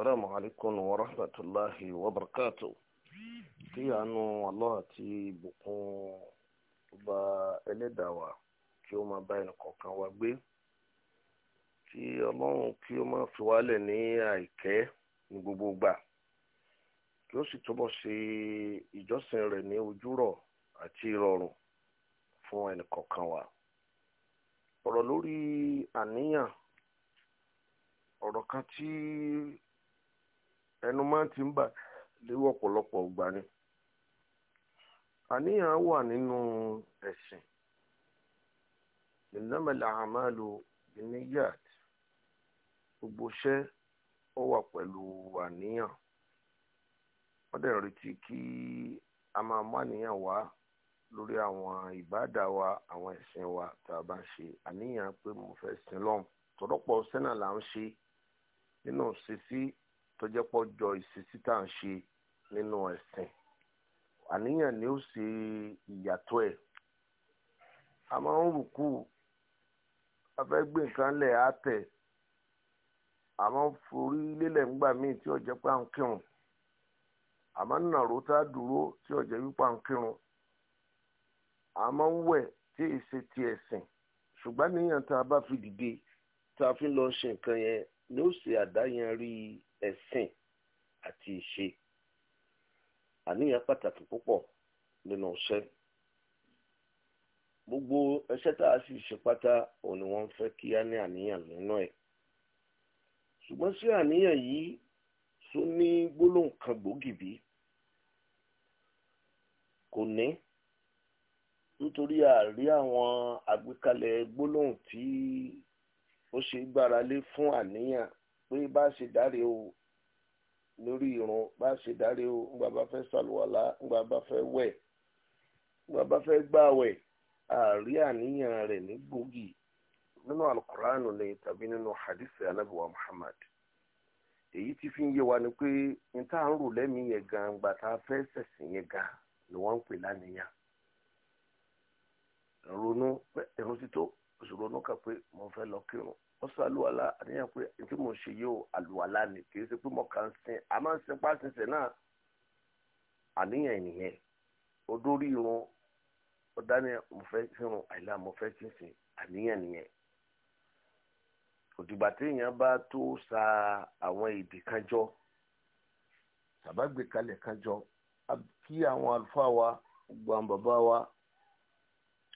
السلام عليكم ورحمة الله وبركاته kí àánú Allah àti ìbùkún ọba ẹlẹ́dàá wa kí o máa bá ẹnì gbé kí ọlọ́run kí o máa fi wálẹ̀ ní àìkẹ́ ní gbogbo gbà kí o sì túbọ̀ ṣe ìjọsìn rẹ̀ ní ojúrọ̀ àti ìrọ̀rùn fún kọ̀ọ̀kan ẹnu máa ti ń bà léwu ọ̀pọ̀lọpọ̀ ọgbà ni àníyàn wà nínú ẹ̀sìn ìnámẹ̀lẹ̀ àmàlù ìníyàt gbogbo iṣẹ́ ó wà pẹ̀lú àníyàn wọ́n dẹ̀ retí kí a máa mú àníyàn wá lórí àwọn ìbáàdà wa àwọn ẹ̀sìn wa tá a bá ń ṣe àníyàn pé mo fẹ́ sin lọ́hùn tọ́dọ́pọ̀ sẹ́nà là ń ṣe nínú ṣíṣí tó jẹ́ pọ́jọ́ ìṣesí tá à ń ṣe nínú ẹ̀sìn àníyàn ni ó ṣe ìyàtọ̀ ẹ̀ a máa ń rùkú a fẹ́ gbé nǹkan lẹ̀ á tẹ̀ a máa ń forí lélẹ̀ ńgbà míì tí ó jẹ́ ń kírun a máa ń nàró tá a dúró tí ó jẹ́ wípé ń kírun a máa ń wẹ̀ tí èsì ti ẹ̀sìn ṣùgbọ́n níyàn tá a bá fi dìde tá a fi lọ ṣe nǹkan yẹn ni ó ṣe àdáyẹn rí i ẹ̀sìn àti ìṣe àníyàn pàtàkì púpọ̀ nínú iṣẹ́ gbogbo iṣẹ́ tá a sì ṣe pátá òun ni wọ́n fẹ́ kí á ní àníyàn nínú ẹ̀ ṣùgbọ́n sí àníyàn yìí tún ní gbólóhùn kan gbòógì bí kò ní nítorí àrí àwọn àgbékalẹ̀ gbólóhùn tí ó ṣe gbára lé fún àníyàn pé bá ṣe dáre o lórí irun bá ṣe dáre o ńgbà bá fẹ́ ṣàlùwàlá ńgbà bá fẹ́ wẹ̀ bá fẹ́ àárí àníyàn rẹ̀ ní gbòógì nínú alukuranu ni tàbí nínú hadisi anabiwa muhammad èyí ti fi ń wa ni pé n tá ń rò lẹ́mìí yẹn gan tá a fẹ́ yẹn gan ni wọ́n sọ àlùwàlá àníyàn pé tí mo ṣe yóò àlùwàlá ni kì í ṣe pé mo kàn ń sin a máa ń sin pàṣẹṣẹ náà àníyàn ènìyàn odórí irun ọ̀dánìyà mo fẹ́ sírun àìlá mo fẹ́ kí n àníyàn nìyẹn òdìgbà téèyàn bá tó sa àwọn èdè kan jọ tàbágbé kalẹ̀ kan jọ kí àwọn àlùfáà wa gbogbo àwọn bàbá wa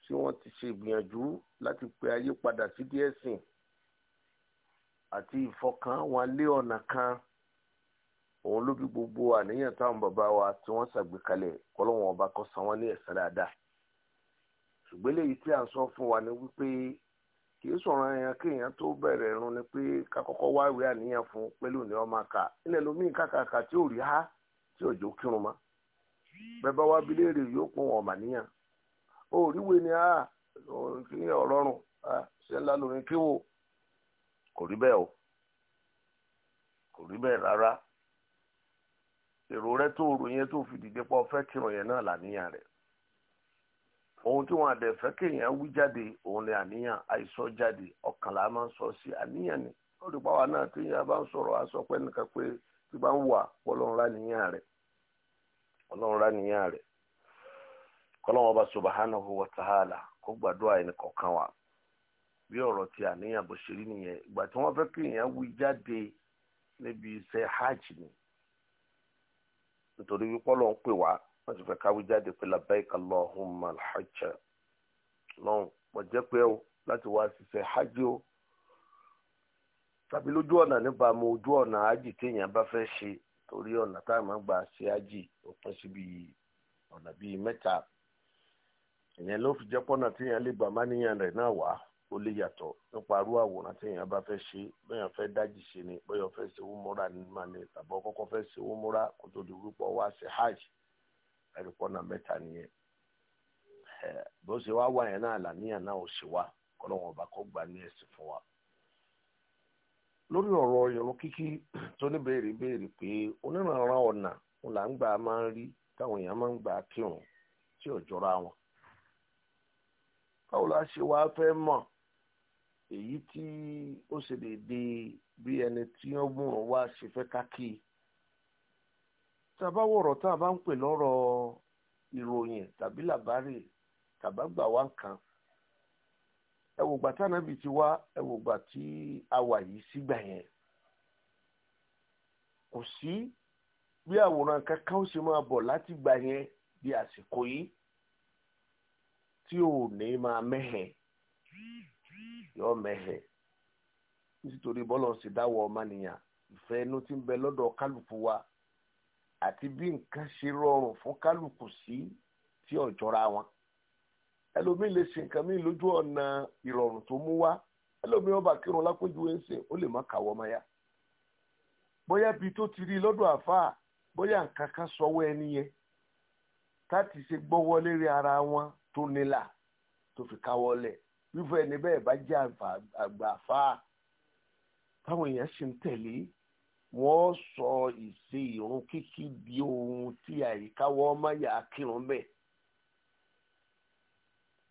tí wọ́n ti ṣe ìgbìyànjú láti pe ayé padà sí díẹ̀ sìn. àti ìfọkàn wọn lé kan òun ló gbogbo àníyàn táwọn bàbá wa tí wọ́n ṣàgbékalẹ̀ kọ́lọ́wọ́n ọba kó san wọ́n ní ẹ̀san dáadáa ṣùgbọ́n eléyìí tí à ń sọ fún wa ni wípé kì í sọ̀rọ̀ ẹ̀yàn tó bẹ̀rẹ̀ irun ni pé wá ìwé àníyàn fún pẹ̀lú ọmọ ilẹ̀ lómi kàkàkà tí ò rí há tí òjò bi léèrè yóò pọ̀ wọ́n màníyàn ó ni ah, kí ah, ṣe ńlá kò rí bẹ́ẹ̀ o kò rí bẹ́ẹ̀ rárá èrò rẹ tó rò yẹn tó fi dìde pọ̀ fẹ́ kírun yẹn náà làníyàn ohun tí wọn àdẹ fẹ́ kéèyàn wí jáde òun ni àníyàn àìsọ jáde ọkàn là máa ń sọ sí àníyàn ni lórí náà tí yẹn bá ń sọ̀rọ̀ nìkan pé tí bá ń wa kó gbàdúrà kọ̀ọ̀kan wa. bí ọ̀rọ̀ ti àníyàn bó ṣe rí nìyẹn ìgbà tí wọ́n fẹ́ kí èèyàn wí jáde níbi iṣẹ́ hajj ni nítorí wípé ọlọ́run pè wá wọ́n ti fẹ́ káwí jáde pé labbaik Allahumma al-hajj lọ́hùn wọ́n hajj o. tàbí lójú ọ̀nà ojú ọ̀nà hajj bá fẹ́ ṣe torí hajj ọ̀nà bíi mẹ́ta ìyẹn ló fi o lè yàtọ̀ nípa arú àwòrán téèyàn bá fẹ́ ṣe bẹ́yàn fẹ́ dájì ṣe ni bẹ́yàn fẹ́ ṣe wúmúra ní ni tàbọ̀ kọ́kọ́ fẹ́ ṣe wúmúra kó tó di rúpọ̀ wá ṣe hajj ẹ̀rìpọ̀nà mẹ́ta nìyẹn bó ṣe wá wà yẹn náà làníyàn náà ò ṣe wá kọ́ gbà ní ẹ̀sìn fún wa. lórí ọ̀rọ̀ kíkí tó ní béèrè béèrè pé èyí tí ó ṣe déédéé bí ẹni tí ó mú ọ wá ṣe fẹ́ kákì tá a bá wọ̀rọ̀ tá a bá ń pè lọ́rọ̀ ìròyìn tàbí làbárè tàbágbà wá nǹkan ẹ wò gbà tánàbì ti wá ẹ wò tí a wà yìí sígbà yẹn kò sí bí àwòrán kankan ó ṣe máa bọ̀ láti gbà yẹn bí àsìkò yìí tí ò ní máa mẹ́hẹ̀ẹ́. yọọ mẹ́hẹ̀ nítorí bọ́lọ̀ sì dáwọ́ ọmọnìyàn ìfẹ́ inú ti ń bẹ lọ́dọ̀ kálukú wa àti bí nǹkan ṣe rọrùn fún kálukú sí tí ọ̀jọ́ra wọn ẹlòmíì lè ṣe nǹkan míì lójú ọ̀nà ìrọ̀rùn tó mú wá ẹlòmíì ọba kírun ń ó lè má kàwọ́ ọmọ ya bóyá bíi tó ti rí lọ́dọ̀ àfáà bóyá nǹkan kan sọwọ́ ẹni yẹn ṣe gbọ́wọ́ irúfẹ́ ẹni bẹ́ẹ̀ bá jẹ́ àgbàfà táwọn èèyàn sì ń tẹ̀lé wọ́n sọ ìṣe ìrun kíkí di ohun tí àyíká wọ́n má yà á kírun bẹ́ẹ̀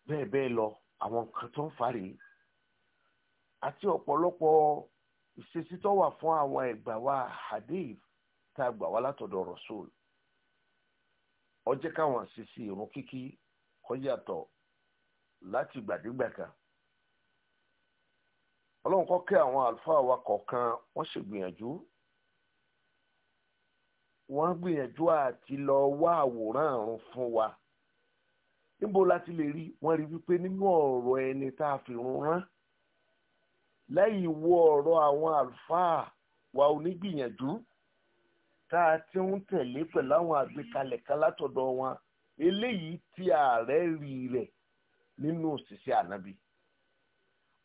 bẹ́ẹ̀ bẹ́ẹ̀ lọ àwọn nǹkan tó ń fa rèé àti ọ̀pọ̀lọpọ̀ ìṣesí wà fún àwọn ẹ̀gbà wa hadith tá a gbà wá látọ̀dọ̀ Rasul ó jẹ́ káwọn àṣìṣe ìrun kíkí kó yàtọ̀ láti gbàdégbà kan ọlọ́run kọ́ kẹ́ àwọn àlùfáà wa kọ̀ọ̀kan wọ́n sì gbìyànjú wọ́n gbìyànjú àti lọ wá àwòrán àrùn fún wa níbo la ti lè rí wọ́n rí wípé nínú ọ̀rọ̀ ẹni tá a fi run rán lẹ́yìn wo ọ̀rọ̀ àwọn àlùfáà wa onígbìyànjú tá a ti ń tẹ̀lé pẹ̀lú àwọn àgbékalẹ̀ kan látọ̀dọ̀ wọn eléyìí tí ààrẹ rí rẹ̀ nínú òṣìṣẹ́ ànábì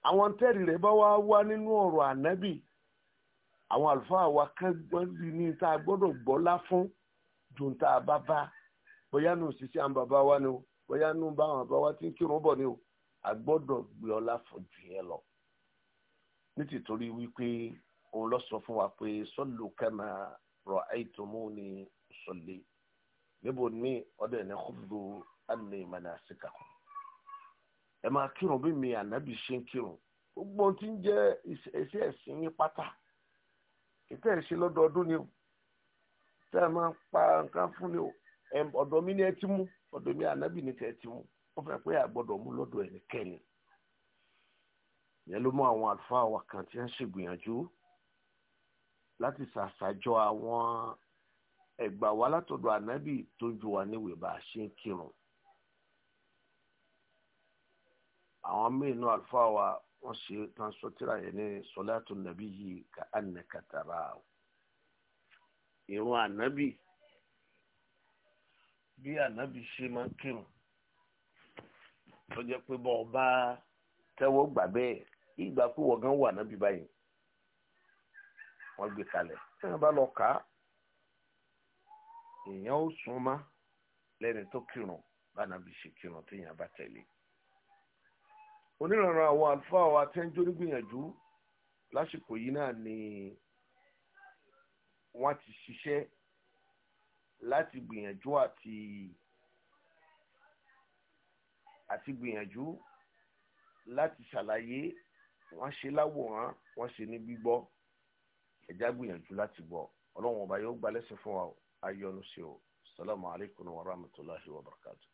àwọn tẹ́rì rẹ̀ bá wá wá nínú ọ̀rọ̀ ànábì àwọn àlùfáà wa kan gbọ́n sí ní tá a gbọ́dọ̀ gbọ́lá fún ju tá a bá bá bóyá nù òṣìṣẹ́ àwọn bàbá wa ni o bóyá nù bá àwọn bàbá wa ti ń kírun bọ̀ ni o a gbọ́dọ̀ gbọ́lá fún ju yẹn lọ nítìtorí wípé òun lọ sọ fún wa pé sọ́lù kama ra'aytumuni usalli níbo ní ọdẹ ní khudhu anni manasikakum ẹ máa kírun bí mi ànábì ṣe ń kírun gbogbo ohun tí ń jẹ́ iṣẹ́ ẹ̀sìn yín pátá ìtẹ́ ẹ̀ lọ́dọọdún ni o tẹ́ ẹ máa ń pa nǹkan fún ni o ọ̀dọ̀ mi ni ẹ ti mú ọ̀dọ̀ mi ànábì ni tẹ́ ẹ ti mú wọ́n fẹ́ pé àgbọ̀dọ̀ mú lọ́dọ̀ ẹnikẹ́ni yẹn ló mú àwọn àlùfáà wa kan tí wọ́n ṣègbìyànjú láti ṣàṣàjọ àwọn ẹgbà wa látọ̀dọ̀ ànábì tó ju wa níwèé bá a ṣe ń kírun àwọn míì nù àlùfáà wa wọ́n ṣe tán sọtìrà yẹn ní sọláàtù nàbí yìí ká annaka tarahu ìrun ànábì bí ànábì ṣe máa ń kírun tó jẹ́ pé bọ́ ọba tẹ́wọ́ gbà bẹ́ẹ̀ ìgbà pé wọ́n gan wà ànábì báyìí wọ́n gbé kalẹ̀ tí wọ́n bá lọ kà á èèyàn ó súnmọ́ lẹ́ni tó kírun bá ànábì ṣe kírun téèyàn bá tẹ̀lé onírànran àwọn àlùfáà wa tẹ́ ń jórí gbìyànjú lásìkò yìí náà ni wọ́n ti ṣiṣẹ́ láti gbìyànjú àti àti gbìyànjú láti ṣàlàyé wọ́n ṣe láwòrán wọ́n ṣe ní gbígbọ́ ẹ̀já gbìyànjú láti gbọ́ ọlọ́run ọba yóò gbalẹ́sẹ̀ fún wa ayọ́nu sí o salamu alaykum wa rahmatulahi wa barakatu.